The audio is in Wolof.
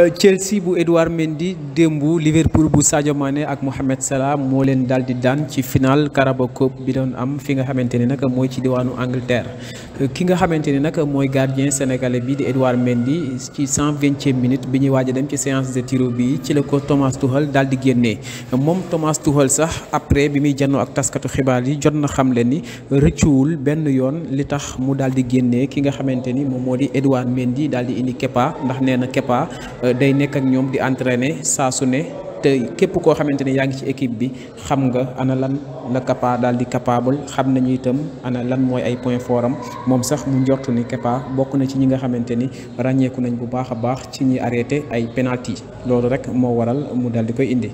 Euh, Chelsea bu Edouard Mendy démb Liverpool bu Sadio Mané ak Mohamed Salah moo leen daal di daan ci final Carabao Cup bi doon am fi nga xamante ne nag mooy ci diwaanu Angleterre. ki nga xamante ni nag mooy gardien sénégalais bi di Edouard Mendy ci cent vingtième minute bi ñuy waaj a dem ci séance de tiro bi ci la ko Thomas Tuchel daal di génnee moom Thomas Tuchel sax après bi muy jannoo ak taskatu xibaar yi jot na xam leen ni rëccuwul benn yoon li tax mu daal di génnee ki nga xamante ni moom moo di Edouard Mendy daal di indi Kepa ndax nee na Kepa euh, day nekk ak ñoom di entraîner saa su ne. te képp koo xamante ni yaa ngi ci équipe bi xam nga ana lan la Kepa daal di capable xam nañu itam ana lan mooy ay point fort moom sax mu njort ni Kepa bokk na ci ñi nga xamante ni ràññeeku nañ bu baax a baax ci ñi arrêté ay penalty loolu rek moo waral mu daal di koy indi.